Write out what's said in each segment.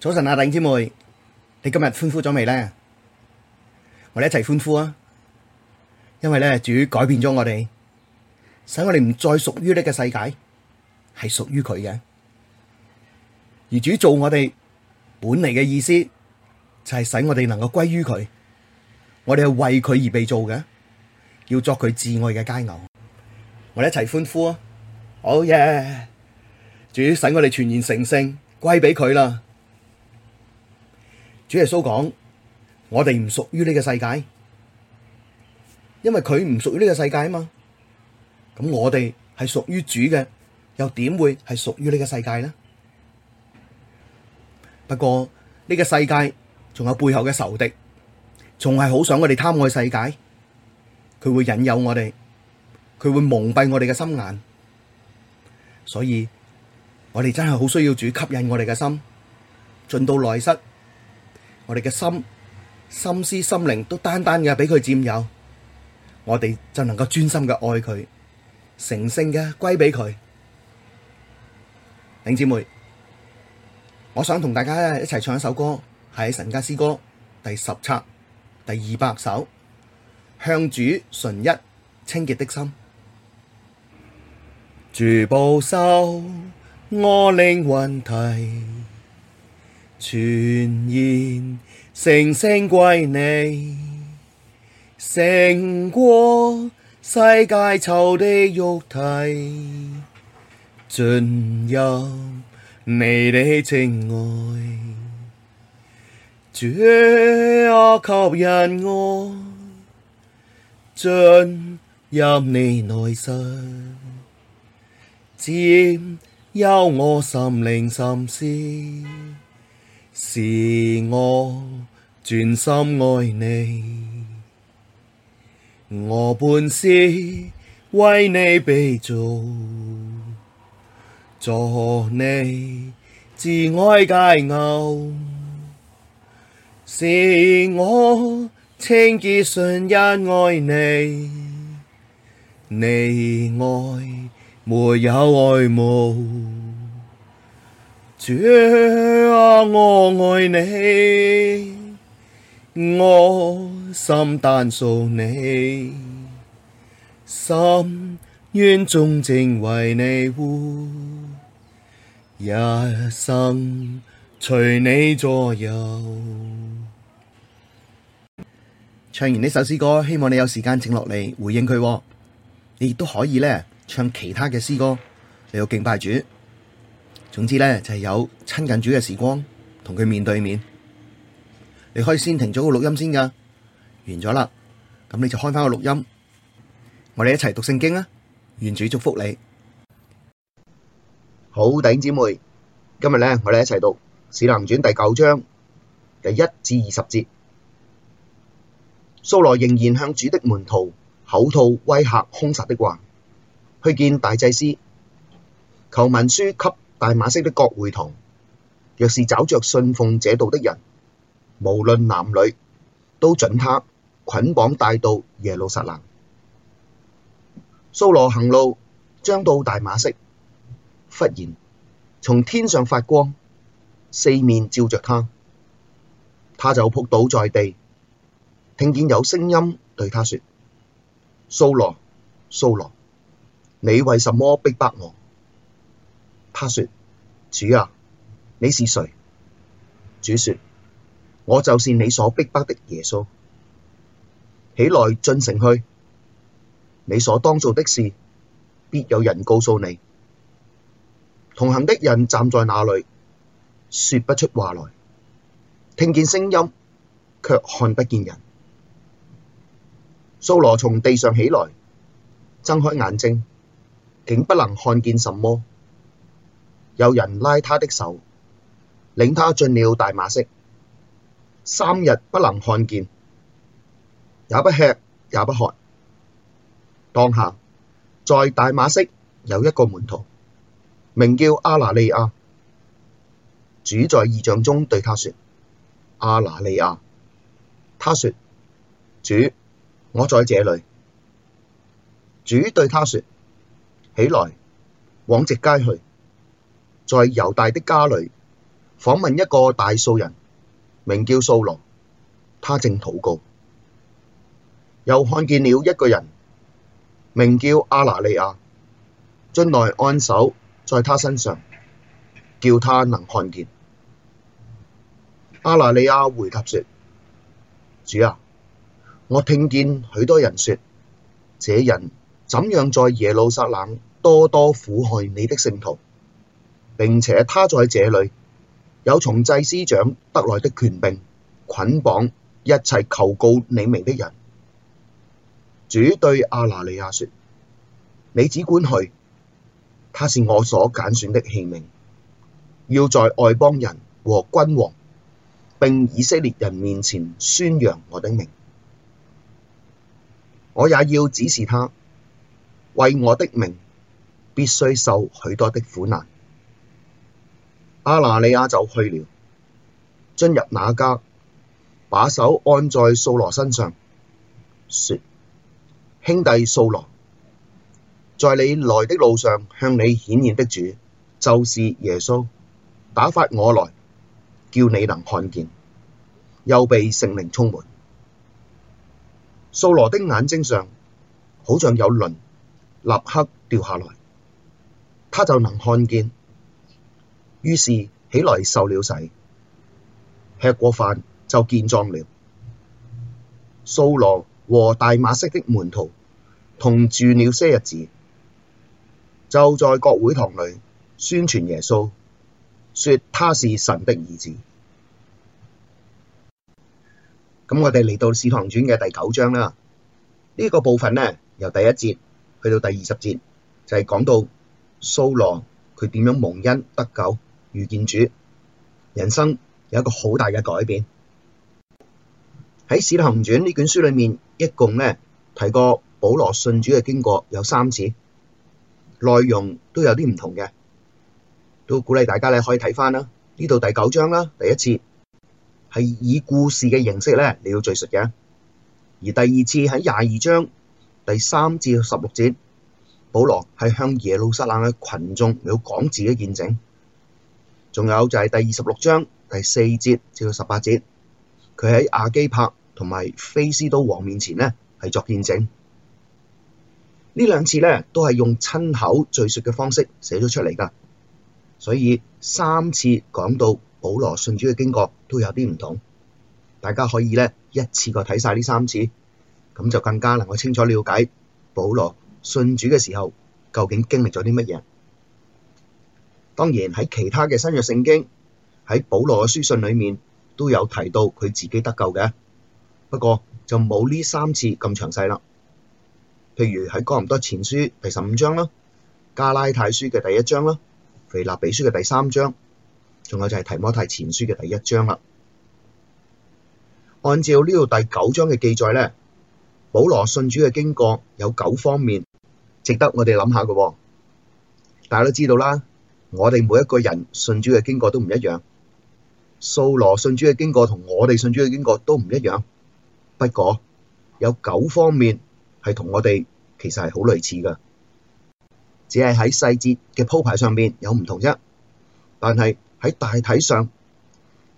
早晨，阿頂姊妹，你今日歡呼咗未咧？我哋一齊歡呼啊！因為咧，主改變咗我哋，使我哋唔再屬於呢個世界，係屬於佢嘅。而主造我哋本嚟嘅意思，就係使我哋能夠歸於佢。我哋係為佢而被造嘅，要作佢至愛嘅佳偶。我哋一齊歡呼啊！好耶！主使我哋全然成聖，歸俾佢啦。主耶穌講：我哋唔屬於呢個世界，因為佢唔屬於呢個世界啊嘛。咁我哋係屬於主嘅，又點會係屬於呢個世界呢？不過呢個世界仲有背後嘅仇敵，仲係好想我哋貪愛世界，佢會引誘我哋，佢會蒙蔽我哋嘅心眼。所以，我哋真係好需要主吸引我哋嘅心，進到內室。我哋嘅心、心思、心靈都單單嘅俾佢佔有，我哋就能夠專心嘅愛佢，成聖嘅歸俾佢。弟兄姊妹，我想同大家一齊唱一首歌，喺神家詩歌第十冊第二百首《向主純一清潔的心》，主保守我靈魂體全然成聖歸你，勝過世界、仇敵、肉體，進入你的情愛，主啊，吸引我，進入你內室，佔有我心靈心思。是我專心愛你，我本是為你被造，作你至愛佳偶。是我清潔純一愛你，你外沒有愛慕。主啊，我愛你，我心單屬你，深願忠貞為你活，一生隨你左右。唱完呢首詩歌，希望你有時間，請落嚟回應佢。你亦都可以咧唱其他嘅詩歌嚟到敬拜主。總之咧，就係有親近主嘅時光，同佢面對面。你可以先停咗個錄音先噶，完咗啦，咁你就開翻個錄音，我哋一齊讀聖經啊！願主祝福你，好，弟兄姊妹。今日咧，我哋一齊讀使徒行傳第九章第一至二十節。掃羅仍然向主的門徒口吐威嚇、兇殺的話，去見大祭司，求文書給。大馬色的各會堂，若是找着信奉這道的人，無論男女，都准他捆綁帶到耶路撒冷。掃羅行路，將到大馬色，忽然從天上發光，四面照着他，他就仆倒在地，聽見有聲音對他說：掃羅，掃羅，你為什麼逼迫我？他說：主啊，你是誰？主說：我就是你所逼迫的耶穌。起來進城去，你所當做的事，必有人告訴你。同行的人站在那裡，說不出話來，聽見聲音，卻看不見人。掃羅從地上起來，睜開眼睛，竟不能看見什麼。有人拉他的手，領他進了大馬色，三日不能看見，也不吃也不喝。當下在大馬色有一個門徒，名叫亞拿尼亞。主在異象中對他說：亞拿尼亞，他說：主，我在這裡。主對他說：起來，往直街去。在猶大的家裡訪問一個大數人，名叫掃羅，他正禱告，又看見了一個人，名叫亞拿尼亞，進來按手在他身上，叫他能看見。亞拿尼亞回答說：主啊，我聽見許多人說，這人怎樣在耶路撒冷多多苦害你的聖徒。並且他在這裡有從祭司長得來的權柄，捆綁一切求告你名的人。主對亞拿尼亞說：你只管去，他是我所揀選的器皿，要在外邦人和君王，並以色列人面前宣揚我的名。我也要指示他，為我的名必須受許多的苦難。亞拿尼亞就去了，進入那家，把手按在掃羅身上，說：兄弟掃羅，在你來的路上向你顯現的主，就是耶穌，打發我來叫你能看見。又被聖靈充滿，掃羅的眼睛上好像有鱗，立刻掉下來，他就能看見。於是起來受了洗，吃過飯就健壯了。掃羅和大馬色的門徒同住了些日子，就在各會堂裡宣傳耶穌，說他是神的兒子。咁我哋嚟到《使徒行傳》嘅第九章啦，呢、這個部分呢，由第一節去到第二十節，就係、是、講到掃羅佢點樣蒙恩得救。遇見主，人生有一個好大嘅改變。喺《使徒行傳》呢卷書裏面，一共咧提過保羅信主嘅經過有三次，內容都有啲唔同嘅，都鼓勵大家咧可以睇翻啦。呢度第九章啦，第一次係以故事嘅形式咧你要敘述嘅，而第二次喺廿二章第三至十六節，保羅係向耶路撒冷嘅群眾嚟到講自己見證。仲有就係第二十六章第四節至到十八節，佢喺亞基帕同埋菲斯都王面前呢係作見證，呢兩次呢都係用親口敘述嘅方式寫咗出嚟噶所以三次講到保羅信主嘅經過都有啲唔同，大家可以呢一次過睇晒呢三次，咁就更加能夠清楚了解保羅信主嘅時候究竟經歷咗啲乜嘢。當然喺其他嘅新約聖經喺保羅嘅書信裏面都有提到佢自己得救嘅，不過就冇呢三次咁詳細啦。譬如喺哥林多前書第十五章啦、加拉太書嘅第一章啦、腓立比書嘅第三章，仲有就係提摩太前書嘅第一章啦。按照呢度第九章嘅記載咧，保羅信主嘅經過有九方面值得我哋諗下嘅。大家都知道啦。我哋每一個人信主嘅經過都唔一樣，掃羅信主嘅經過同我哋信主嘅經過都唔一樣。不過有九方面係同我哋其實係好類似噶，只係喺細節嘅鋪排上面有唔同啫。但係喺大體上，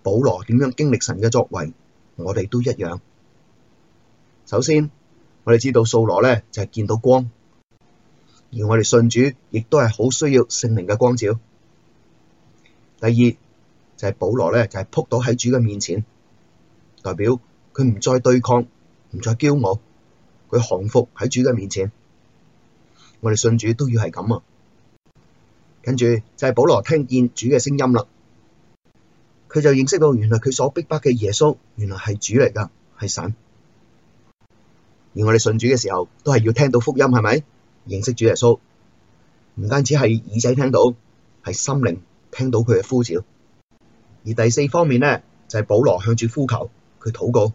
保羅點樣經歷神嘅作為，我哋都一樣。首先，我哋知道掃羅咧就係、是、見到光，而我哋信主，亦都係好需要聖靈嘅光照。第二就係、是、保羅咧，就係撲倒喺主嘅面前，代表佢唔再對抗，唔再驕傲，佢降服喺主嘅面前。我哋信主都要係咁啊！跟住就係保羅聽見主嘅聲音啦，佢就認識到原來佢所逼迫嘅耶穌，原來係主嚟噶，係神。而我哋信主嘅時候，都係要聽到福音，係咪？認識主耶穌，唔單止係耳仔聽到，係心靈聽到佢嘅呼召。而第四方面咧，就係保羅向主呼求，佢禱告，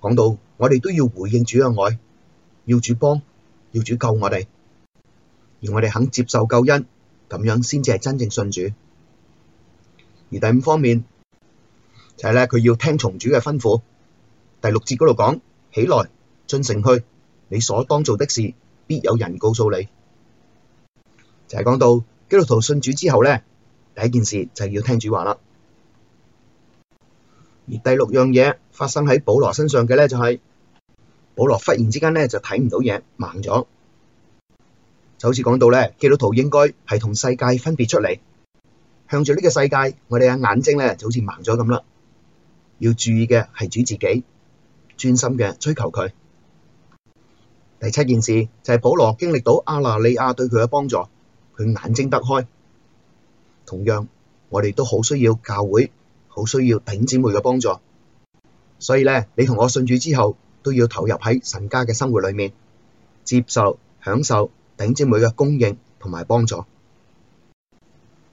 講到我哋都要回應主嘅愛，要主幫，要主救我哋，而我哋肯接受救恩，咁樣先至係真正信主。而第五方面就係咧，佢要聽從主嘅吩咐。第六節嗰度講：起來，進城去，你所當做的事。必有人告訴你，就係、是、講到基督徒信主之後咧，第一件事就要聽主話啦。而第六樣嘢發生喺保羅身上嘅咧，就是，就係保羅忽然之間咧就睇唔到嘢，盲咗。就好似講到咧，基督徒應該係同世界分別出嚟，向住呢個世界，我哋嘅眼睛咧就好似盲咗咁啦。要注意嘅係主自己，專心嘅追求佢。第七件事就係、是、保羅經歷到亞拿尼亞對佢嘅幫助，佢眼睛得開。同樣，我哋都好需要教會，好需要頂姊妹嘅幫助。所以呢，你同我信主之後，都要投入喺神家嘅生活裏面，接受、享受頂姊妹嘅供應同埋幫助。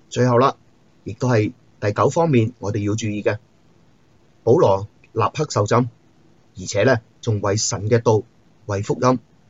最後啦，亦都係第九方面，我哋要注意嘅。保羅立刻受浸，而且呢，仲為神嘅道、為福音。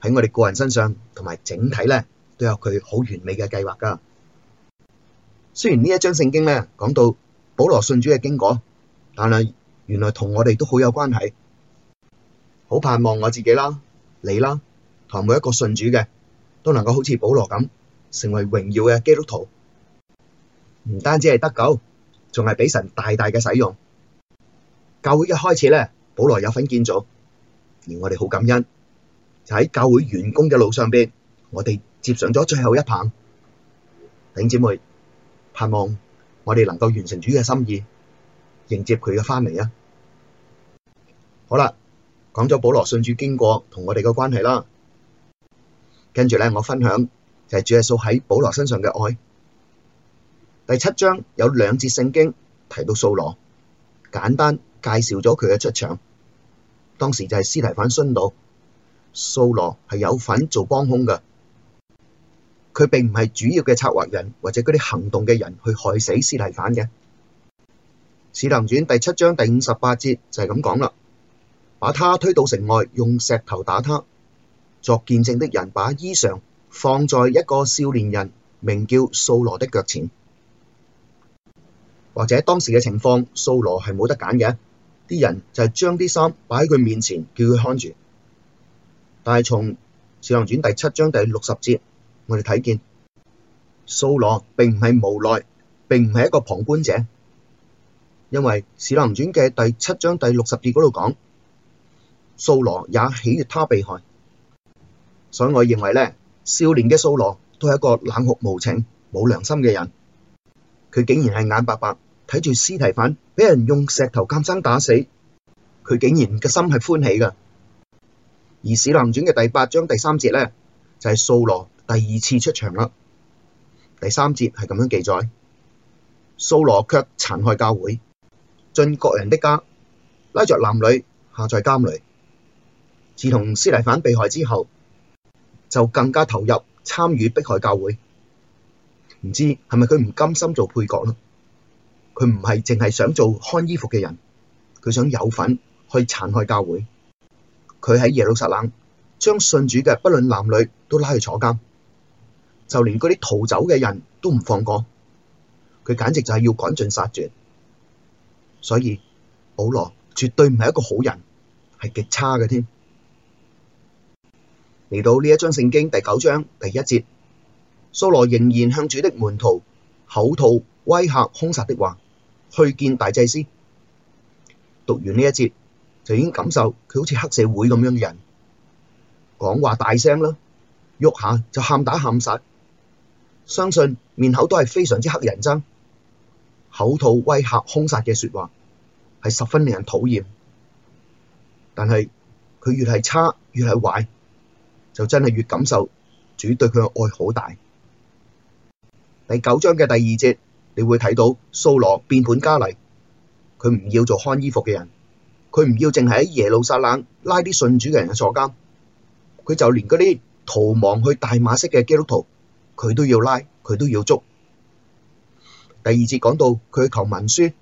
喺我哋個人身上同埋整體咧，都有佢好完美嘅計劃噶。雖然呢一章聖經咧，講到保羅信主嘅經過，但係原來同我哋都好有關係。好盼望我自己啦、你啦同每一個信主嘅都能夠好似保羅咁，成為榮耀嘅基督徒。唔單止係得救，仲係俾神大大嘅使用。教會一開始咧，保羅有份建造，而我哋好感恩。喺教會員工嘅路上邊，我哋接上咗最後一棒。弟兄姊妹，盼望我哋能夠完成主嘅心意，迎接佢嘅翻嚟啊！好啦，講咗保羅信主經過同我哋嘅關係啦，跟住咧我分享就係主耶穌喺保羅身上嘅愛。第七章有兩節聖經提到掃羅，簡單介紹咗佢嘅出場，當時就係司提反殉道。掃羅係有份做幫凶嘅，佢並唔係主要嘅策劃人或者嗰啲行動嘅人去害死司提反嘅。使徒行傳第七章第五十八節就係咁講啦，把他推到城外，用石頭打他。作見證的人把衣裳放在一個少年人名叫掃羅的腳前，或者當時嘅情況，掃羅係冇得揀嘅，啲人就係將啲衫擺喺佢面前，叫佢看住。但係從《使徒行傳》第七章第六十節，我哋睇見掃羅並唔係無奈，並唔係一個旁觀者，因為《使徒行傳》嘅第七章第六十節嗰度講，掃羅也喜悅他被害，所以我認為咧，少年嘅掃羅都係一個冷酷無情、冇良心嘅人，佢竟然係眼白白睇住司提反，俾人用石頭、劍生打死，佢竟然嘅心係歡喜噶。而《使徒行傳》嘅第八章第三節咧，就係、是、掃羅第二次出場啦。第三節係咁樣記載：掃羅卻殘害教會，進各人的家，拉着男女下在監裏。自從司提反被害之後，就更加投入參與迫害教會。唔知係咪佢唔甘心做配角啦？佢唔係淨係想做看衣服嘅人，佢想有份去殘害教會。佢喺耶路撒冷將信主嘅，不論男女都拉去坐監，就連嗰啲逃走嘅人都唔放過，佢簡直就係要趕盡殺絕。所以保羅絕對唔係一個好人，係極差嘅添。嚟到呢一章聖經第九章第一節，掃羅仍然向主的門徒口吐威嚇兇殺的話，去見大祭司。讀完呢一節。就已經感受佢好似黑社會咁樣嘅人，講話大聲啦，喐下就喊打喊殺。相信面口都係非常之黑人憎，口吐威嚇、兇殺嘅説話係十分令人討厭。但係佢越係差越係壞，就真係越感受主對佢嘅愛好大。第九章嘅第二節，你會睇到掃羅變本加厲，佢唔要做看衣服嘅人。佢唔要淨係喺耶路撒冷拉啲信主嘅人去坐監，佢就連嗰啲逃亡去大馬色嘅基督徒，佢都要拉，佢都要捉。第二節講到佢去求文書，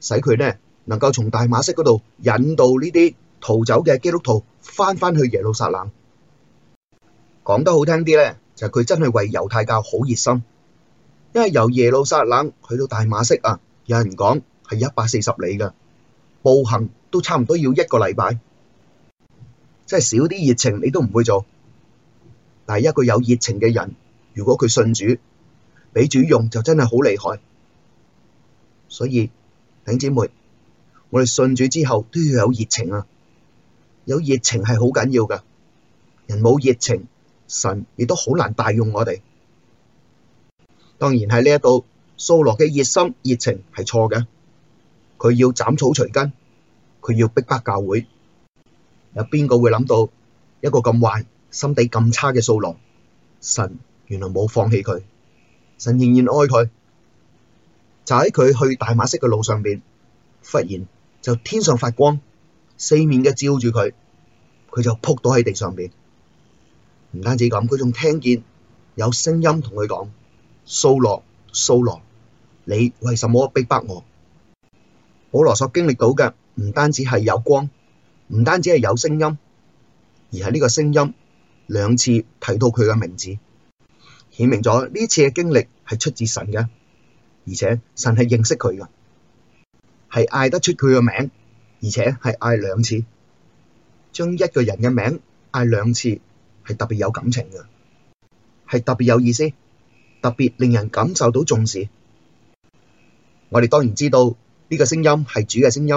使佢呢能夠從大馬色嗰度引導呢啲逃走嘅基督徒翻返去耶路撒冷。講得好聽啲咧，就係、是、佢真係為猶太教好熱心，因為由耶路撒冷去到大馬色啊，有人講係一百四十里㗎。步行都差唔多要一個禮拜，即係少啲熱情，你都唔會做。但係一個有熱情嘅人，如果佢信主，俾主用就真係好厲害。所以，弟兄姊妹，我哋信主之後都要有熱情啊！有熱情係好緊要噶，人冇熱情，神亦都好難帶用我哋。當然係呢一度，掃羅嘅熱心熱情係錯嘅。佢要斬草除根，佢要逼迫教會。有邊個會諗到一個咁壞、心地咁差嘅掃羅？神原來冇放棄佢，神仍然愛佢。就喺佢去大馬色嘅路上邊，忽然就天上發光，四面嘅照住佢，佢就撲倒喺地上邊。唔單止咁，佢仲聽見有聲音同佢講：掃羅，掃羅，你為什麼逼迫我？保羅所經歷到嘅唔單止係有光，唔單止係有聲音，而係呢個聲音兩次提到佢嘅名字，顯明咗呢次嘅經歷係出自神嘅，而且神係認識佢嘅，係嗌得出佢嘅名，而且係嗌兩次，將一個人嘅名嗌兩次係特別有感情嘅，係特別有意思，特別令人感受到重視。我哋當然知道。呢個聲音係主嘅聲音，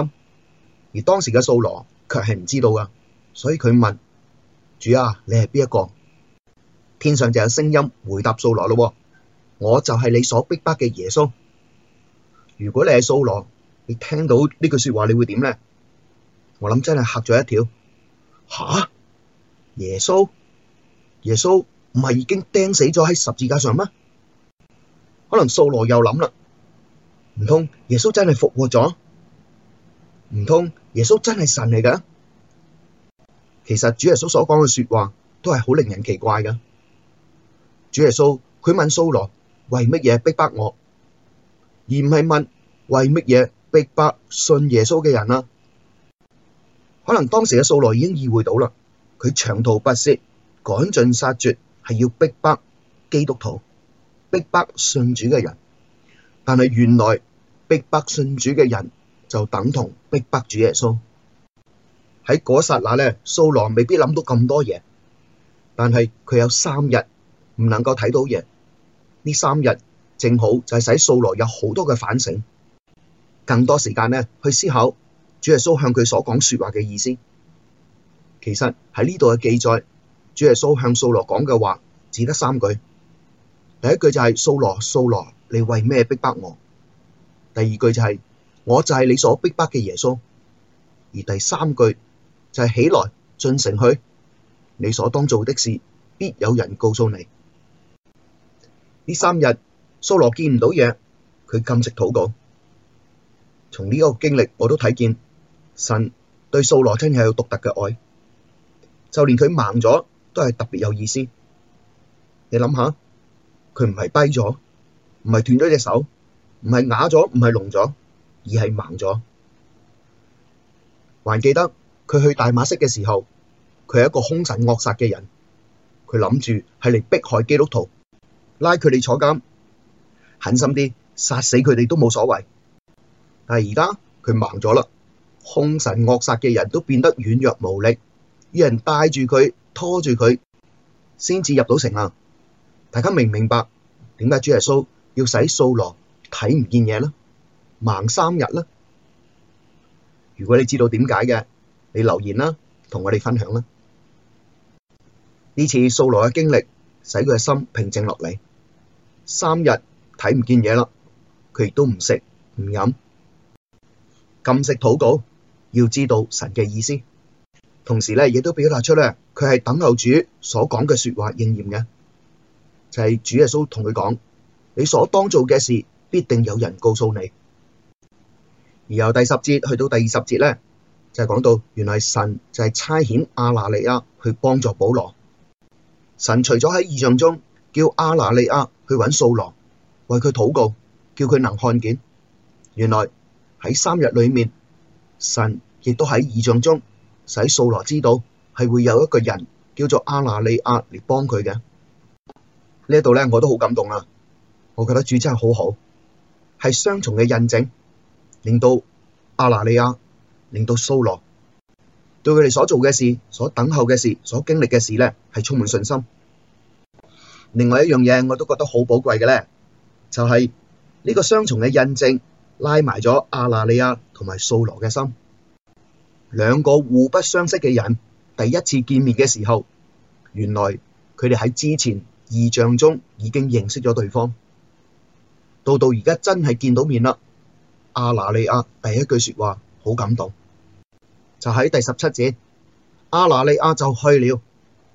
而當時嘅掃羅卻係唔知道噶，所以佢問主啊，你係邊一個？天上就有聲音回答掃羅咯，我就係你所逼迫嘅耶穌。如果你係掃羅，你聽到呢句說話你會點咧？我諗真係吓咗一跳，吓？耶穌？耶穌唔係已經釘死咗喺十字架上咩？可能掃羅又諗啦。唔通耶穌真係復活咗？唔通耶穌真係神嚟噶？其實主耶穌所講嘅說話都係好令人奇怪噶。主耶穌佢問掃羅，為乜嘢逼迫我，而唔係問為乜嘢逼迫信耶穌嘅人啊？可能當時嘅掃羅已經意會到啦，佢長途跋涉趕盡殺絕係要逼迫基督徒、逼迫信主嘅人。但係原來逼迫信主嘅人就等同逼迫主耶穌。喺嗰一剎那咧，掃羅未必諗到咁多嘢，但係佢有三日唔能夠睇到嘢。呢三日正好就係使掃羅有好多嘅反省，更多時間咧去思考主耶穌向佢所講說話嘅意思。其實喺呢度嘅記載，主耶穌向掃羅講嘅話只得三句。第一句就係掃羅，掃羅。你為咩逼迫我？第二句就係，我就係你所逼迫嘅耶穌。而第三句就係，起來，進城去，你所當做的事，必有人告訴你。呢三日，掃羅見唔到嘢，佢禁食禱告。從呢個經歷我都睇見神對掃羅真係有獨特嘅愛，就連佢盲咗都係特別有意思。你諗下，佢唔係跛咗？唔係斷咗隻手，唔係啞咗，唔係聾咗，而係盲咗。還記得佢去大馬色嘅時候，佢係一個兇神惡煞嘅人，佢諗住係嚟迫害基督徒，拉佢哋坐監，狠心啲殺死佢哋都冇所謂。但係而家佢盲咗啦，兇神惡煞嘅人都變得軟弱無力，要人帶住佢拖住佢，先至入到城啊！大家明唔明白點解主耶穌？要使掃羅睇唔見嘢啦，盲三日啦。如果你知道點解嘅，你留言啦，同我哋分享啦。呢次掃羅嘅經歷使佢嘅心平靜落嚟，三日睇唔見嘢啦，佢亦都唔食唔飲，禁食禱告，要知道神嘅意思。同時咧，亦都表達出咧，佢係等候主所講嘅說話應驗嘅，就係主耶穌同佢講。你所當做嘅事，必定有人告訴你。而由第十節去到第二十節咧，就係、是、講到，原來神就係差遣亞拿尼亞去幫助保羅。神除咗喺異象中叫亞拿尼亞去揾掃羅，為佢禱告，叫佢能看見，原來喺三日裏面，神亦都喺異象中使掃羅知道係會有一個人叫做亞拿尼亞嚟幫佢嘅。呢度咧，我都好感動啊！我覺得主真係好好，係雙重嘅印證，令到亞拿尼亞，令到掃羅，對佢哋所做嘅事、所等候嘅事、所經歷嘅事咧，係充滿信心。另外一樣嘢，我都覺得好寶貴嘅咧，就係、是、呢個雙重嘅印證拉埋咗亞拿尼亞同埋掃羅嘅心，兩個互不相識嘅人第一次見面嘅時候，原來佢哋喺之前異象中已經認識咗對方。到到而家真係見到面啦！亞拿尼亞第一句說話好感動，就喺第十七節，亞拿尼亞就去了。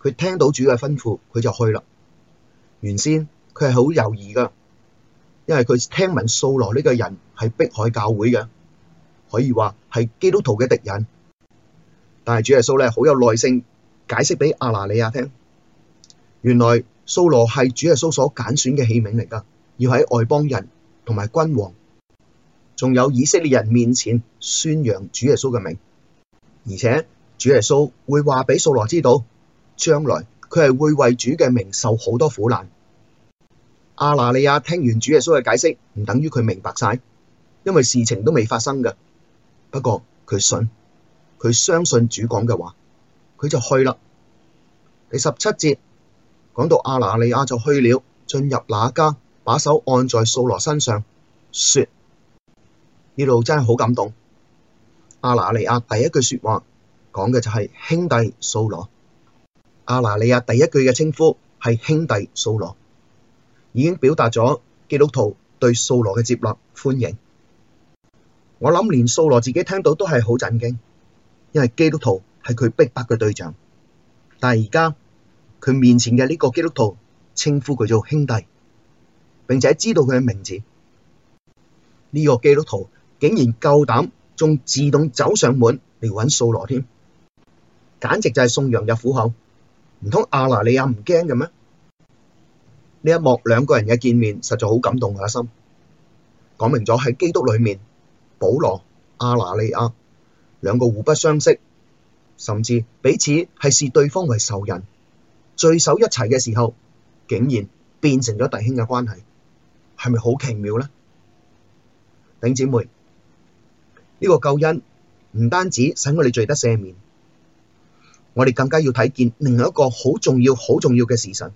佢聽到主嘅吩咐，佢就去啦。原先佢係好猶豫噶，因為佢聽聞掃羅呢個人係逼害教會嘅，可以話係基督徒嘅敵人。但係主耶穌咧好有耐性解釋俾亞拿尼亞聽，原來掃羅係主耶穌所揀選嘅器皿嚟噶。要喺外邦人同埋君王，仲有以色列人面前宣揚主耶穌嘅名，而且主耶穌會話俾掃羅知道，將來佢係會為主嘅名受好多苦難。亞拿尼亞聽完主耶穌嘅解釋，唔等於佢明白晒，因為事情都未發生嘅。不過佢信，佢相信主講嘅話，佢就去啦。第十七節講到亞拿尼亞就去了，進入那家。把手按在掃羅身上，說：呢度真係好感動。亞拿尼亞第一句說話講嘅就係兄弟掃羅。亞拿尼亞第一句嘅稱呼係兄弟掃羅，已經表達咗基督徒對掃羅嘅接納歡迎。我諗連掃羅自己聽到都係好震驚，因為基督徒係佢逼迫嘅對象，但係而家佢面前嘅呢個基督徒稱呼佢做兄弟。並且知道佢嘅名字，呢個基督徒竟然夠膽仲自動走上門嚟搵掃羅添，簡直就係送羊入虎口。唔通亞拿尼亞唔驚嘅咩？呢一幕兩個人嘅見面實在好感動我心，講明咗喺基督裏面，保羅、亞拿尼亞兩個互不相識，甚至彼此係視對方為仇人、聚首一齊嘅時候，竟然變成咗弟兄嘅關係。係咪好奇妙咧？頂姊妹，呢個救恩唔單止使我哋罪得赦免，我哋更加要睇見另外一個好重要、好重要嘅事實，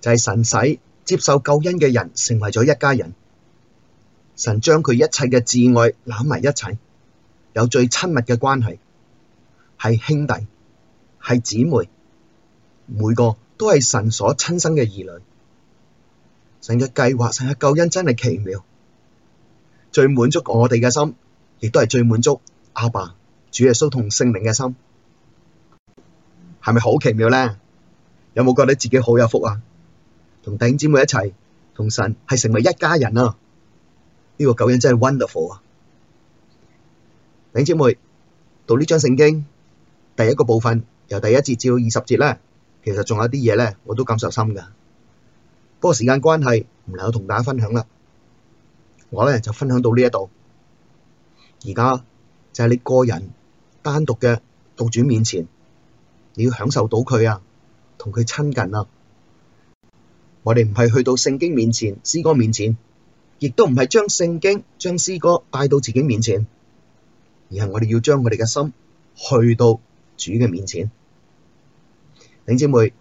就係神使接受救恩嘅人成為咗一家人。神將佢一切嘅摯愛攬埋一齊，有最親密嘅關係，係兄弟，係姊妹，每個都係神所親生嘅兒女。神嘅計劃，神嘅救恩真係奇妙，最滿足我哋嘅心，亦都係最滿足阿爸、主耶穌同聖靈嘅心，係咪好奇妙咧？有冇覺得自己好有福啊？同弟兄姐妹一齊，同神係成為一家人啊！呢、這個救恩真係 wonderful 啊！弟兄姐妹讀呢章聖經，第一個部分由第一節至到二十節咧，其實仲有啲嘢咧，我都感受深噶。間不過時間關係，唔能夠同大家分享啦。我咧就分享到呢一度。而家就係、是，你個人單獨嘅到主面前，你要享受到佢啊，同佢親近啊。我哋唔係去到聖經面前，詩歌面前，亦都唔係將聖經、將詩歌帶到自己面前，而係我哋要將我哋嘅心去到主嘅面前。弟兄姊妹，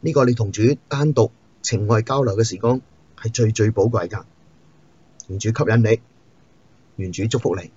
呢、這個你同主單獨。情愛交流嘅時光係最最寶貴㗎，願主吸引你，願主祝福你。